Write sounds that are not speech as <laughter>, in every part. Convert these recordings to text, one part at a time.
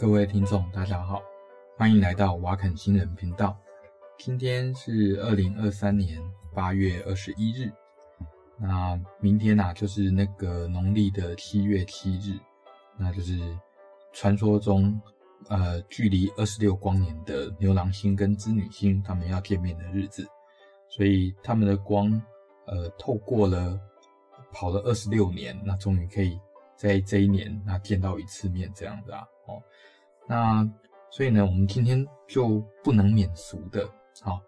各位聽眾，大家好，歡迎來到瓦肯新人頻道。今天是二零二三年八月二十一日，那明天吶，啊，就是那個農曆的七月七日，那就是傳說中呃距離二十六光年的牛郎星跟織女星他們要見面的日子，所以他們的光呃透過了跑了二十六年，那終於可以在這一年那見到一次面這樣子啊哦。那所以呢，我們今天就不能免俗的，好、哦，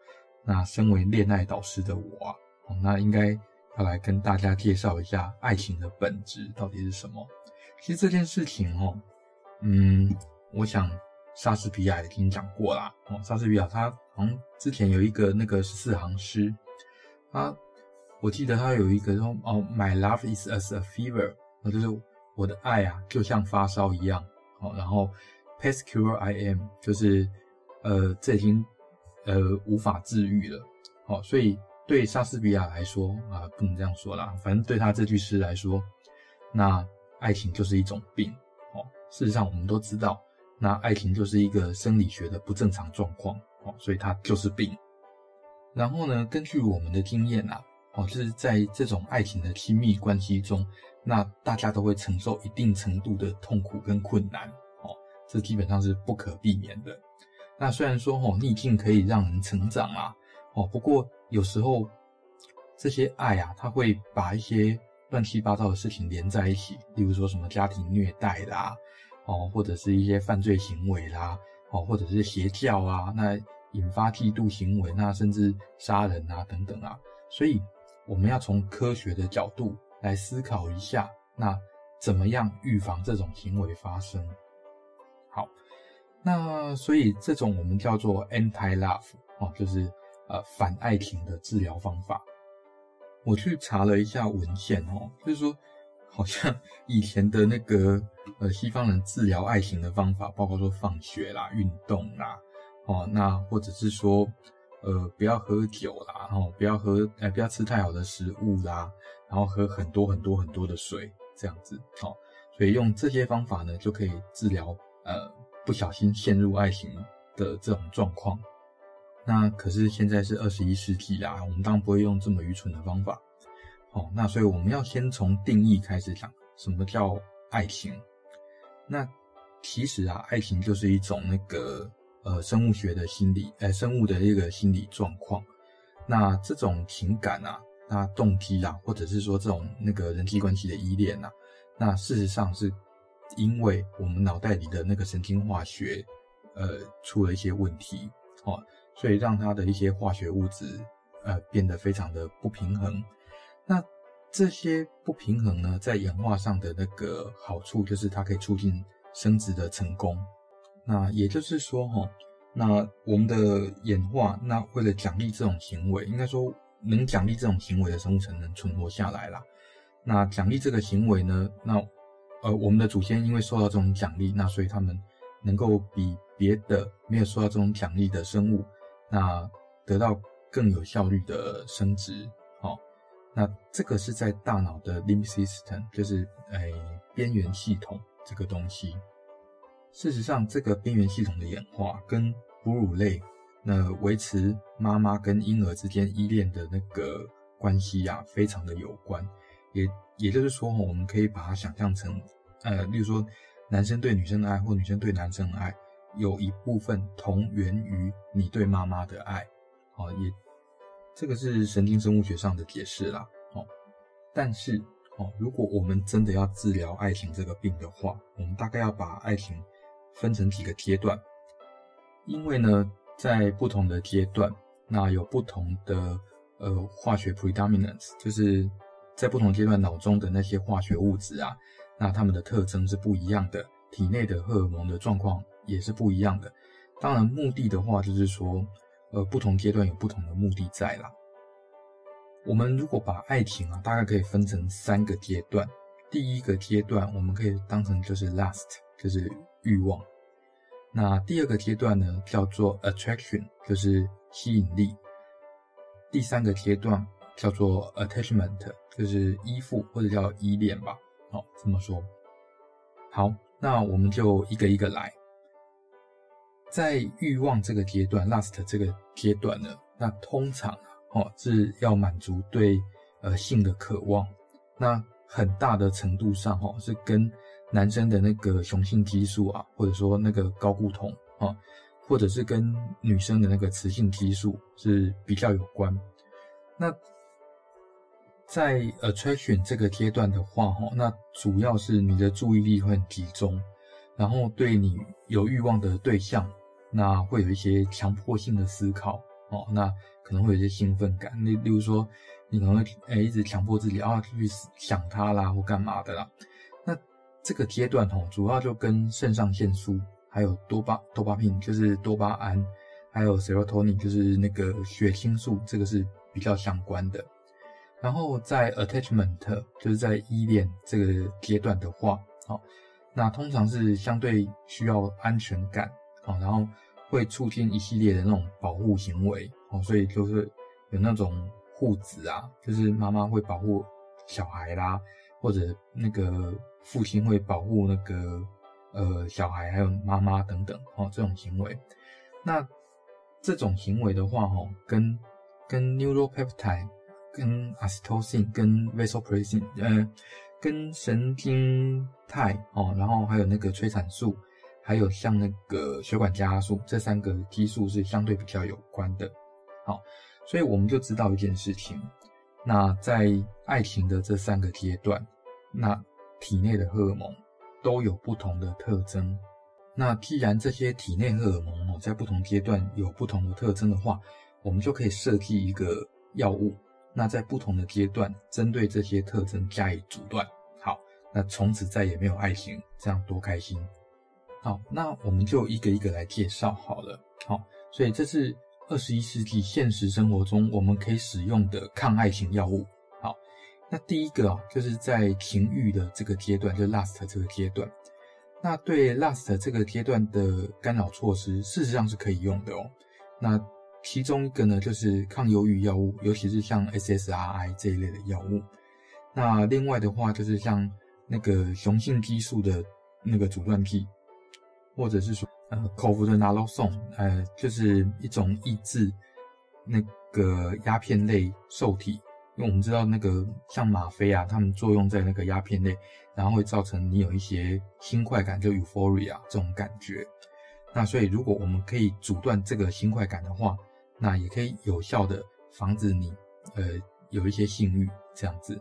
那身為戀愛導師的我、啊哦、那應該要來跟大家介紹一下愛情的本質到底是什麼？其實這件事情哦，嗯，我想莎士比亞也跟你講過啦哦，莎士比亞他好像之前有一個那個十四行詩，他我記得他有一個說哦、oh,，My love is as a fever，那就是我的愛啊，就像發燒一樣，好、哦，然後。Past cure I am 就是，呃，這已經，呃，無法治癒了。哦，所以對莎士比亞來說啊、呃，不能這樣說啦。反正對他這句詩來說，那愛情就是一種病。哦，事實上我們都知道，那愛情就是一個生理學的不正常狀況。哦，所以它就是病。然後呢，根據我們的經驗啊，哦，就是在這種愛情的親密關係中，那大家都會承受一定程度的痛苦跟困難。這基本上是不可避免的。那雖然說哦，逆境可以讓人成長啊，哦，不過有時候這些愛啊，它會把一些亂七八糟的事情連在一起，例如說什麼家庭虐待啦，哦，或者是一些犯罪行為啦，哦，或者是邪教啊，那引發嫉妒行為，那甚至殺人啊，等等啊。所以我們要從科學的角度來思考一下，那怎麼樣預防這種行為發生。好，那所以這種我們叫做 anti love 啊、哦，就是呃反愛情的治療方法。我去查了一下文獻哦，就是說好像以前的那個呃西方人治療愛情的方法，包括說放血啦、運動啦，哦，那或者是說呃不要喝酒啦，然後、哦、不要喝，哎、呃、不要吃太好的食物啦，然後喝很多很多很多的水這樣子。哦，所以用這些方法呢，就可以治療。呃，不小心陷入愛情的這種狀況，那可是現在是二十一世紀啦，我們當然不會用這麼愚蠢的方法。哦，那所以我們要先從定義開始講，什麼叫愛情？那其實啊，愛情就是一種那個呃，生物學的心理，呃，生物的一個心理狀況。那這種情感啊，那動機啦、啊，或者是說這種那個人際關係的依戀吶、啊，那事實上是。因為我們腦袋裡的那個神經化學，呃，出了一些問題，哦，所以讓它的一些化學物質，呃，變得非常的不平衡。那這些不平衡呢，在演化上的那個好處就是它可以促進生殖的成功。那也就是說，哈、哦，那我們的演化，那為了獎勵這種行為，應該說能獎勵這種行為的生物才能存活下來啦。那獎勵這個行為呢，那。呃，我們的祖先因為受到這種獎勵，那所以他們能夠比別的沒有受到這種獎勵的生物，那得到更有效率的生殖。好、哦，那這個是在大腦的 limbic system，就是哎邊緣系統這個東西。事實上，這個邊緣系統的演化跟哺乳類那維持媽媽跟嬰兒之間依戀的那個關係呀、啊，非常的有關。也也就是說，吼，我們可以把它想象成，呃，例如說，男生對女生的愛，或女生對男生的愛，有一部分同源於你對媽媽的愛，哦，也這個是神經生物學上的解釋啦，哦，但是，哦，如果我們真的要治療愛情這個病的話，我們大概要把愛情分成幾個階段，因為呢，在不同的階段，那有不同的呃化學 predominance，就是。在不同階段，腦中的那些化學物質啊，那它們的特徵是不一樣的，體內的荷爾蒙的狀況也是不一樣的。當然，目的的話就是說，呃，不同階段有不同的目的在啦。我們如果把愛情啊，大概可以分成三個階段。第一個階段，我們可以當成就是 lust，就是慾望。那第二個階段呢，叫做 attraction，就是吸引力。第三個階段。叫做 attachment，就是依附或者叫依戀吧。哦，這麼說，好，那我們就一個一個來。在慾望這個階段，lust 這個階段呢，那通常啊，哦是要滿足對呃性的渴望。那很大的程度上，哦，是跟男生的那個雄性激素啊，或者說那個睾固酮啊，哦，或者是跟女生的那個雌性激素是比較有關。那在 attraction 這個階段的話，吼，那主要是你的注意力會很集中，然後對你有欲望的對象，那會有一些強迫性的思考哦，那可能會有一些興奮感。例例如說，你可能會誒一直強迫自己啊去想他啦，或幹嘛的啦。那這個階段吼，主要就跟腎上腺素，還有多巴多巴胺，就是多巴胺，還有 serotonin 就是那個血清素，這個是比較相關的。然後在 attachment 就是在依戀這個階段的話，那通常是相對需要安全感，然後會促進一系列的那種保護行為，所以就是有那種護子啊，就是媽媽會保護小孩啦，或者那個父親會保護那個呃小孩還有媽媽等等，好，這種行為，那這種行為的話，哦，跟跟 neuropeptide 跟阿司托辛、跟 vasopressin 呃，跟神經肽哦，然後還有那個催產素，還有像那個血管加壓素，這三個激素是相對比較有關的。好，哦，所以我們就知道一件事情：那在愛情的這三個階段，那體內的荷爾蒙都有不同的特徵。那既然這些體內荷爾蒙哦，在不同階段有不同的特徵的話，我們就可以設計一個藥物。那在不同的階段，針對這些特徵加以阻斷。好，那從此再也沒有愛情，這樣多開心。好，那我們就一個一個來介紹好了。好，所以這是二十一世紀現實生活中我們可以使用的抗愛情藥物。好，那第一個啊、哦，就是在情欲的這個階段，就是 lust 這個階段，那對 lust 這個階段的干擾措施，事實上是可以用的哦。那其中一個呢，就是抗憂鬱藥物，尤其是像 SSRI 這一類的藥物。那另外的話，就是像那個雄性激素的那個阻斷劑，或者是說，呃，口服的納洛酮，呃，就是一種抑制那個鴉片類受體。因為我們知道那個像嗎啡啊，它們作用在那個鴉片類，然後會造成你有一些欣快感，就 euphoria 這種感覺。那所以，如果我們可以阻斷這個欣快感的話，那也可以有效的防止你，呃，有一些性欲這樣子。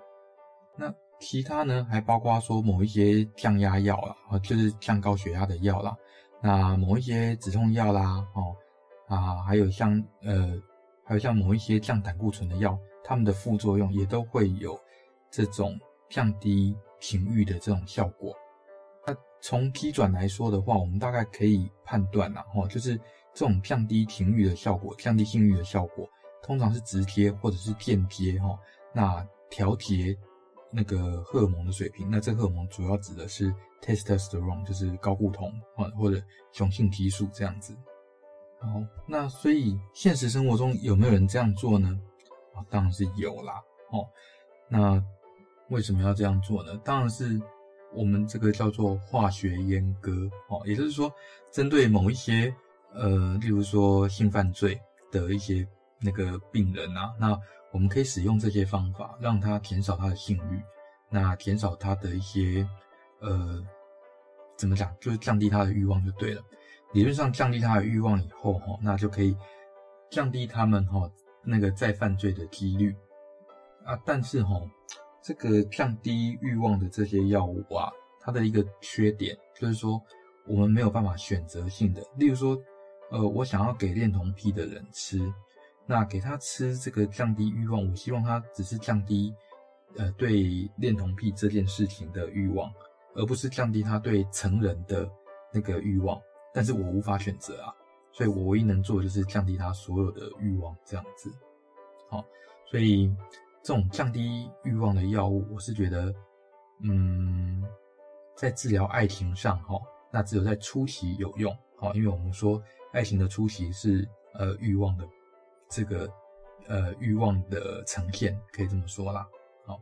那其他呢，還包括說某一些降壓藥啦，就是降高血壓的藥啦。那某一些止痛藥啦，哦，啊，還有像呃，還有像某一些降膽固醇的藥，它們的副作用也都會有這種降低情欲的這種效果。那從機轉來說的話，我們大概可以判斷啦，哈，就是。這種降低情慾的效果、降低性慾的效果，通常是直接或者是間接哈、喔。那調節那個荷爾蒙的水平，那這荷爾蒙主要指的是 testosterone，就是睾固酮啊、喔，或者雄性激素這樣子。好、喔，那所以現實生活中有沒有人這樣做呢？啊、喔，當然是有啦哦、喔。那為什麼要這樣做呢？當然是我們這個叫做化學閹割哦、喔，也就是說針對某一些。呃，例如說性犯罪的一些那個病人啊，那我們可以使用這些方法，讓他減少他的性欲，那減少他的一些呃，怎麼講，就是降低他的欲望就對了。理論上降低他的欲望以後哈，那就可以降低他們哈那個再犯罪的幾率啊。但是哈，這個降低欲望的這些藥物啊，它的一個缺點就是說，我們沒有辦法選擇性的，例如說。呃，我想要給戀童癖的人吃，那給他吃這個降低欲望，我希望他只是降低，呃，對戀童癖這件事情的欲望，而不是降低他對成人的那個欲望。但是我無法選擇啊，所以我唯一能做的就是降低他所有的欲望這樣子。好，所以這種降低欲望的藥物，我是覺得，嗯，在治療愛情上哈，那只有在初期有用。好，因為我們說。愛情的出息是，呃，欲望的這個，呃，欲望的呈現，可以這麼說啦。好、哦，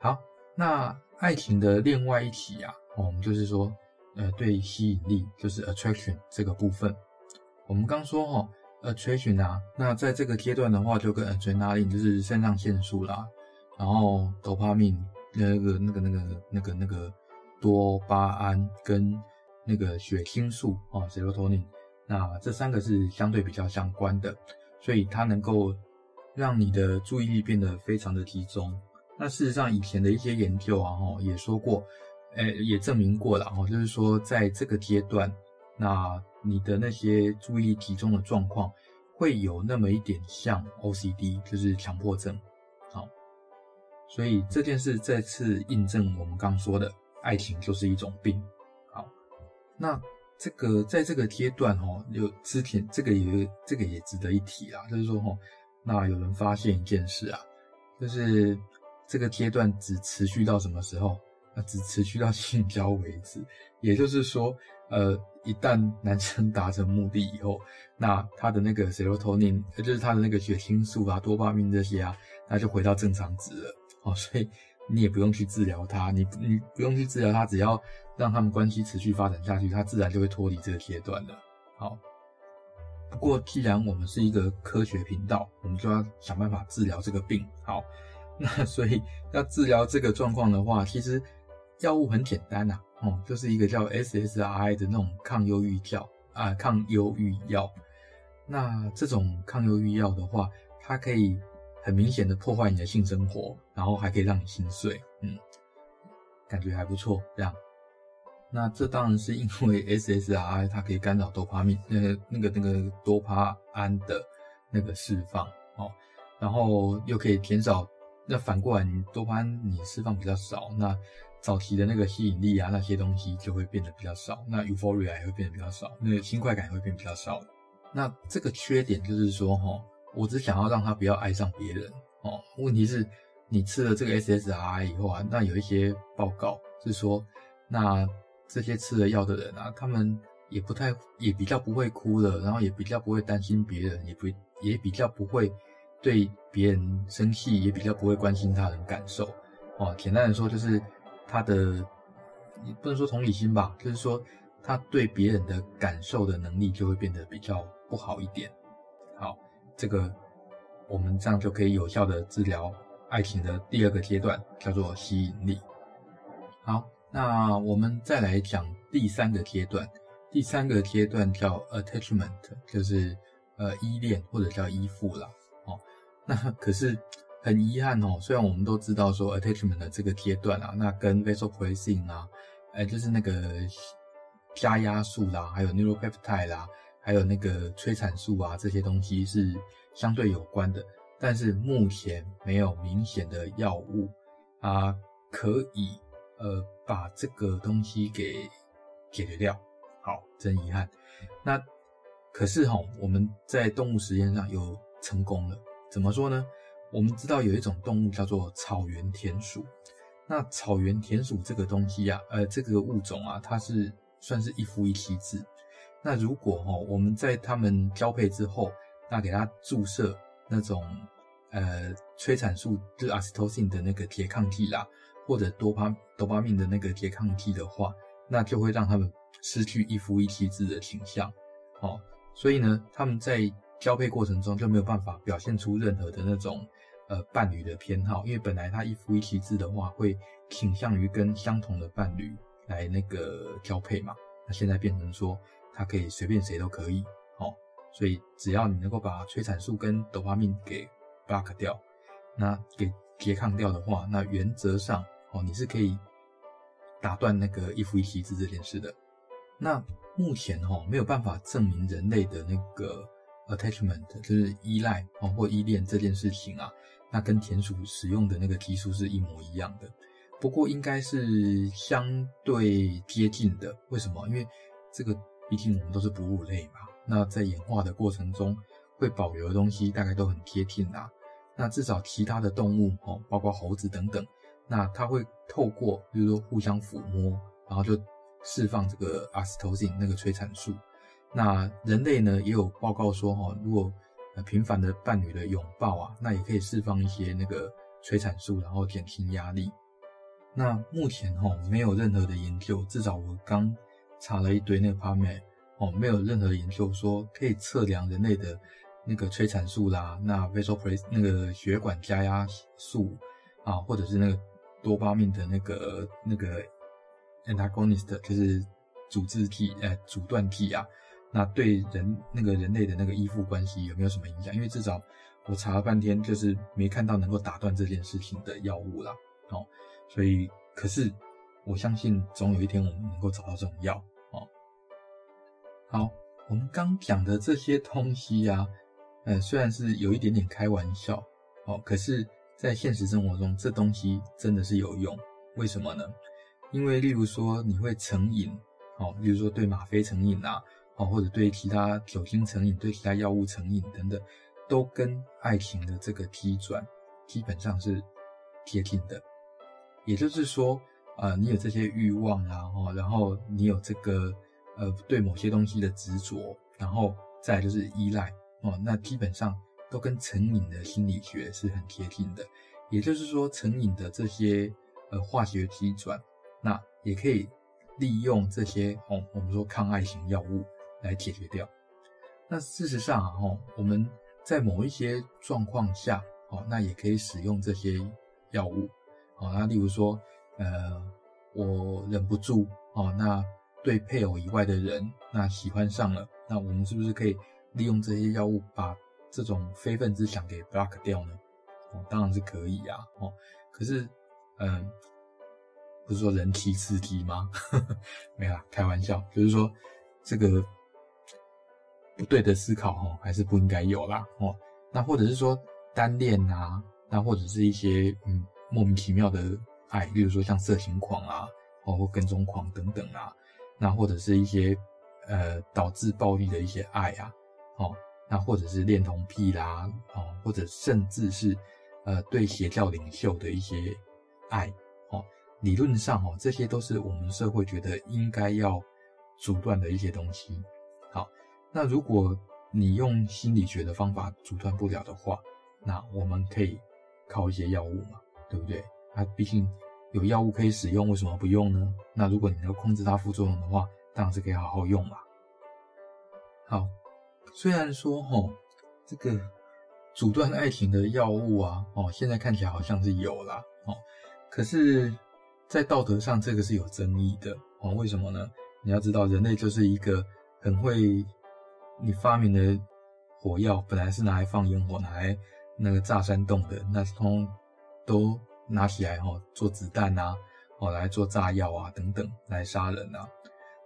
好，那愛情的另外一起呀、啊哦，我們就是說，呃，對吸引力就是 attraction 這個部分。我們剛說哈、哦、attraction 啊，那在這個階段的話，就跟 adrenaline 就是腎上腺素啦，然後 dopamine 那個那個那個那個那個那個多巴胺跟那個血清素啊 serotonin 那這三個是相對比較相關的，所以它能夠讓你的注意力變得非常的集中。那事實上，以前的一些研究啊，哈，也說過，誒，也證明過了，哈，就是說，在這個階段，那你的那些注意力集中的狀況會有那麼一點像 OCD，就是強迫症，好，所以這件事再次印證我們剛剛說的，愛情就是一種病，好，那。這個在這個階段哈，有之前這個也這個也值得一提啦，啊，就是說哈，那有人發現一件事啊，就是這個階段只持續到什麼時候？只持續到性交為止。也就是說，呃，一旦男生達成目的以後，那他的那個 serotonin，就是他的那個血清素啊，多巴胺這些啊，那就回到正常值了哦，所以你也不用去治療他，你你不用去治療他，只要。讓他們關係持續發展下去，他自然就會脫離這個階段了。好，不過既然我們是一個科學頻道，我們就要想辦法治療這個病。好，那所以要治療這個狀況的話，其實藥物很簡單吶、啊，哦、嗯，就是一個叫 SSRI 的那種抗憂鬱藥啊，抗憂鬱藥。那這種抗憂鬱藥的話，它可以很明顯的破壞你的性生活，然後還可以讓你心碎。嗯，感覺還不錯，這樣。那這當然是因為 SSRI 它可以干擾多巴米，那個那個那個多巴胺的那個釋放哦，然後又可以減少。那反過來，你多巴胺你釋放比較少，那早期的那個吸引力啊，那些東西就會變得比較少，那 euphoria 也會變得比較少，那個輕快感也會變比較少。那這個缺點就是說，哈、哦，我只想要讓他不要愛上別人哦。問題是你吃了這個 SSRI 以後啊，那有一些報告是說，那。這些吃了藥的人啊，他們也不太，也比較不會哭了，然後也比較不會擔心別人，也不也比較不會對別人生氣，也比較不會關心他人感受。哦，簡單來說就是他的，也不能說同理心吧，就是說他對別人的感受的能力就會變得比較不好一點。好，這個我們這樣就可以有效的治療愛情的第二個階段，叫做吸引力。好。那我們再來講第三個階段，第三個階段叫 attachment，就是呃依戀或者叫依附啦。哦，那可是很遺憾哦，雖然我們都知道說 attachment 的這個階段啊，那跟 vasopressin 啊，呃，就是那個加壓素啦，還有 neuropeptide 啦，還有那個催產素啊這些東西是相對有關的，但是目前沒有明顯的藥物啊可以。呃，把這個東西給解決掉，好，真遺憾。那可是哈、哦，我們在動物實驗上又成功了。怎麼說呢？我們知道有一種動物叫做草原田鼠。那草原田鼠這個東西呀、啊，呃，這個物種啊，它是算是一夫一妻制。那如果哈、哦，我們在它們交配之後，那給它注射那種呃催產素，就阿司托辛的那個拮抗劑啦。或者多巴多巴胺的那個拮抗劑的話，那就會讓他們失去一夫一妻制的傾向，哦，所以呢，他們在交配過程中就沒有辦法表現出任何的那種呃伴侶的偏好，因為本來他一夫一妻制的話會傾向於跟相同的伴侶來那個交配嘛，那現在變成說他可以隨便誰都可以，哦，所以只要你能夠把催產素跟多巴胺給 block 掉，那給拮抗掉的話，那原則上。哦，你是可以打斷那個一夫一妻制這件事的。那目前哦，沒有辦法證明人類的那個 attachment 就是依賴哦或依戀這件事情啊。那跟田鼠使用的那個激素是一模一樣的，不過應該是相對接近的。為什麼？因為這個畢竟我們都是哺乳類嘛。那在演化的過程中會保留的東西，大概都很貼近啦，啊。那至少其他的動物哦，包括猴子等等。那它會透過，就是說互相撫摸，然後就釋放這個 oxytocin 那個催產素。那人類呢也有報告說，哈，如果頻繁的伴侶的擁抱啊，那也可以釋放一些那個催產素，然後減輕壓力。那目前哈，喔，沒有任何的研究，至少我剛查了一堆那個 paper，哦，沒有任何研究說可以測量人類的那個催產素啦，那 vasopress 那個血管加壓素啊，或者是那個。多巴胺的那個那個 antagonist 就是阻滯劑，呃，阻斷劑啊，那對人那個人類的那個依附關係有沒有什麼影響？因為至少我查了半天，就是沒看到能夠打斷這件事情的藥物啦，哦，所以可是我相信總有一天我們能夠找到這種藥，哦，好，我們剛講的這些東西呀、啊，嗯、呃，雖然是有一點點開玩笑，哦，可是。在現實生活中，這東西真的是有用，為什麼呢？因為例如說你會成癮，哦，例如說對嗎啡成癮啊，哦，或者對其他酒精成癮、對其他藥物成癮等等，都跟愛情的這個機轉基本上是貼近的。也就是說，啊、呃，你有這些慾望啊，哦，然後你有這個，呃，對某些東西的執着，然後再來就是依賴，哦，那基本上。都跟成癮的心理學是很接近的，也就是說，成癮的這些呃化學機轉，那也可以利用這些哦，我們說抗愛型藥物來解決掉。那事實上啊，我們在某一些狀況下，哦，那也可以使用這些藥物，哦，那例如說，呃，我忍不住哦，那對配偶以外的人，那喜歡上了，那我們是不是可以利用這些藥物把這種非分之想給 block 掉呢？哦，當然是可以啊。哦，可是，嗯、呃，不是說人妻司機嗎？ <laughs> 沒有啦，開玩笑，就是說這個不對的思考，哈、哦，還是不應該有啦。哦，那或者是說單戀啊，那或者是一些嗯莫名其妙的愛，例如說像色情狂啊，哦或跟蹤狂等等啊，那或者是一些呃導致暴力的一些愛啊，哦。那或者是戀童癖啦，哦，或者甚至是，呃，對邪教領袖的一些愛，哦，理論上哦，這些都是我們社會覺得應該要阻斷的一些東西。好，那如果你用心理學的方法阻斷不了的話，那我們可以靠一些藥物嘛，對不對？那，啊，畢竟有藥物可以使用，為什麼不用呢？那如果你能控制它副作用的話，當然是可以好好用嘛。好。雖然說，吼、哦，這個阻斷愛情的藥物啊，哦，現在看起來好像是有啦，哦，可是，在道德上，這個是有爭議的，哦，為什麼呢？你要知道，人類就是一個很會，你發明的火藥，本來是拿來放煙火，拿來那個炸山洞的，那是通通都拿起來，吼、哦，做子彈啊，哦，來做炸藥啊，等等，來殺人啊，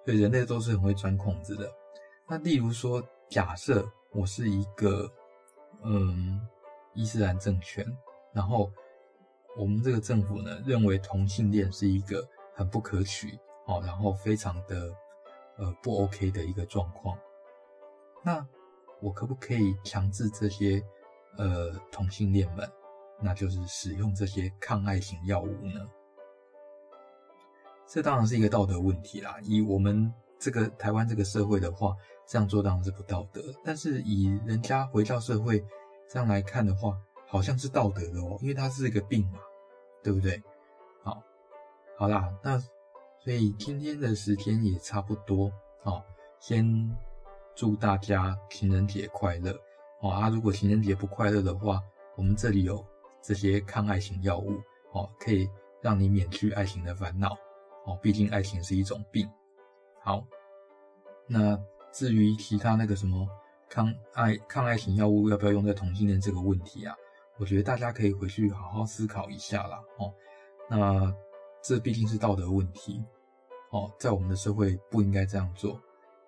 所以人類都是很會鑽空子的。那例如說，假設我是一個，嗯，伊斯蘭政權，然後我們這個政府呢，認為同性戀是一個很不可取，好、喔，然後非常的，呃，不 OK 的一個狀況。那我可不可以強制這些，呃，同性戀們，那就是使用這些抗愛型藥物呢？這當然是一個道德問題啦。以我們這個台灣這個社會的話。這樣做當然是不道德，但是以人家回教社會這樣來看的話，好像是道德的哦，因為它是一個病嘛，對不對？好，好啦，那所以今天的時間也差不多，好、哦，先祝大家情人節快樂哦！啊，如果情人節不快樂的話，我們這裡有這些抗愛情藥物，哦，可以讓你免去愛情的煩惱哦。畢竟愛情是一種病，好，那。至於其他那個什麼抗愛抗愛情藥物要不要用在同性戀這個問題啊，我覺得大家可以回去好好思考一下啦。哦，那這畢竟是道德問題，哦，在我們的社會不應該這樣做，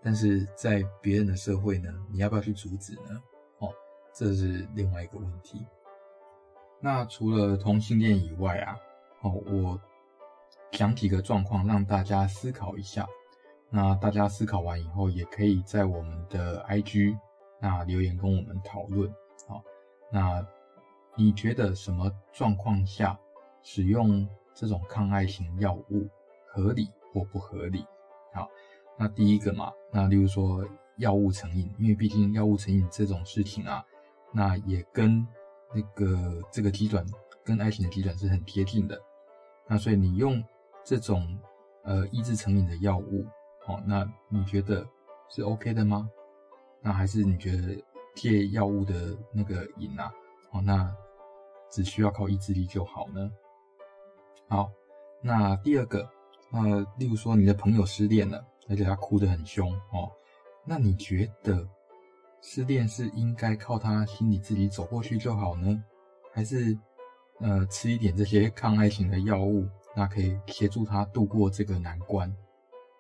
但是在別人的社會呢，你要不要去阻止呢？哦，這是另外一個問題。那除了同性戀以外啊，哦，我講幾個狀況讓大家思考一下。那大家思考完以後，也可以在我們的 IG 那留言跟我們討論啊。那你覺得什麼狀況下使用這種抗愛情藥物合理或不合理？好，那第一個嘛，那例如說藥物成癮，因為畢竟藥物成癮這種事情啊，那也跟那個這個機轉跟愛情的機轉是很貼近的。那所以你用這種呃抑制成癮的藥物。那你覺得是 OK 的嗎？那還是你覺得戒藥物的那個癮啊？哦，那只需要靠意志力就好呢？好，那第二個，呃，例如說你的朋友失戀了，而且他哭得很凶哦，那你覺得失戀是應該靠他心理自己走過去就好呢？還是呃吃一點這些抗愛情的藥物，那可以協助他度過這個難關？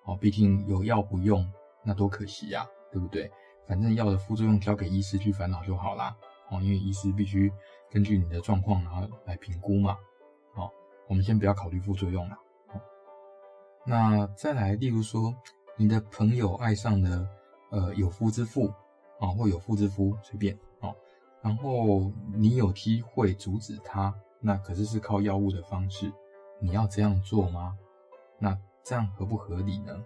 哦，畢竟有藥不用，那多可惜呀！啊，對不對？反正藥的副作用交給醫師去煩惱就好啦。哦，因為醫師必須根據你的狀況，然後來評估嘛。哦，我們先不要考慮副作用啦。那再來，例如說，你的朋友愛上了呃有夫之婦，啊，或有婦之夫，隨便哦。然後你有機會阻止他，那可是是靠藥物的方式，你要這樣做嗎？那？這樣合不合理呢？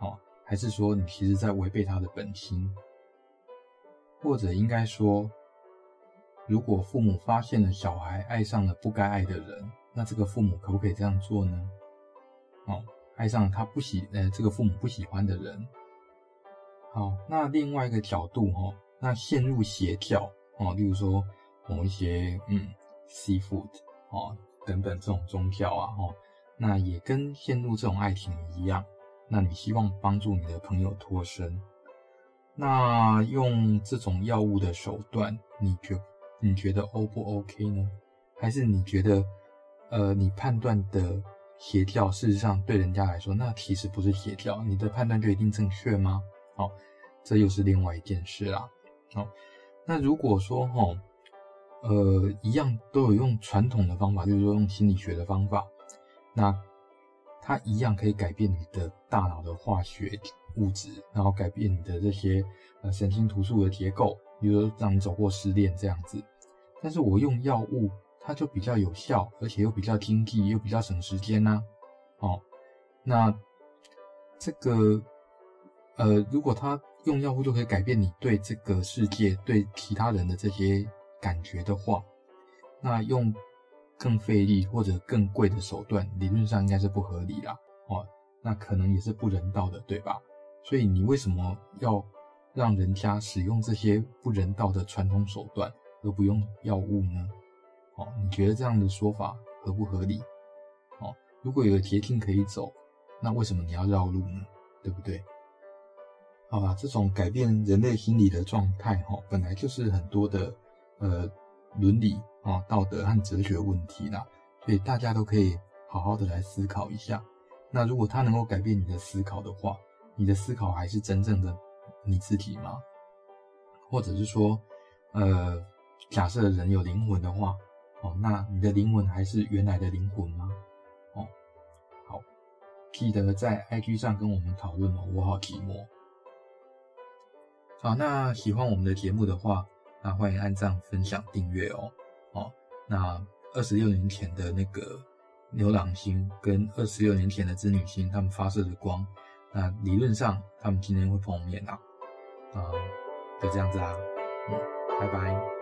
哦，還是說你其實在違背他的本心？或者應該說，如果父母發現了小孩愛上了不該愛的人，那這個父母可不可以這樣做呢？哦，愛上了他不喜，呃，這個父母不喜歡的人。好、哦，那另外一個角度哈、哦，那陷入邪教啊，哦，例如說某一些嗯，seafood 啊等等這種宗教啊哈。哦那也跟陷入這種愛情一樣，那你希望幫助你的朋友脫身，那用這種藥物的手段，你就你覺得 O 不 OK 呢？還是你覺得，呃，你判斷的邪教，事實上對人家來說，那其實不是邪教，你的判斷就一定正確嗎？好、哦，這又是另外一件事啦。好、哦，那如果說哈、哦，呃，一樣都有用傳統的方法，就是說用心理學的方法。那它一樣可以改變你的大腦的化學物質，然後改變你的這些呃神經突觸的結構，比如說讓你走過失戀這樣子。但是我用藥物，它就比較有效，而且又比較經濟，又比較省時間吶、啊。哦，那這個呃，如果它用藥物就可以改變你對這個世界、對其他人的這些感覺的話，那用。更費力或者更貴的手段，理論上應該是不合理啦，哦，那可能也是不人道的，對吧？所以你為什麼要讓人家使用這些不人道的傳統手段，而不用藥物呢？哦，你覺得這樣的說法合不合理？哦，如果有個捷徑可以走，那為什麼你要繞路呢？對不對？好吧，這種改變人類心理的狀態，哈、哦，本來就是很多的呃倫理。哦，道德和哲學問題啦，所以大家都可以好好的來思考一下。那如果它能夠改變你的思考的話，你的思考還是真正的你自己嗎？或者是說，呃，假設人有靈魂的話，哦，那你的靈魂還是原來的靈魂嗎？哦，好，記得在 IG 上跟我們討論哦。我好寂寞。好，那喜歡我們的節目的話，那歡迎按讚、分享、訂閱哦。哦，那二十六年前的那個牛郎星跟二十六年前的織女星，他們發射的光，那理論上他們今天會碰面啊，啊、嗯，就這樣子啊，嗯，拜拜。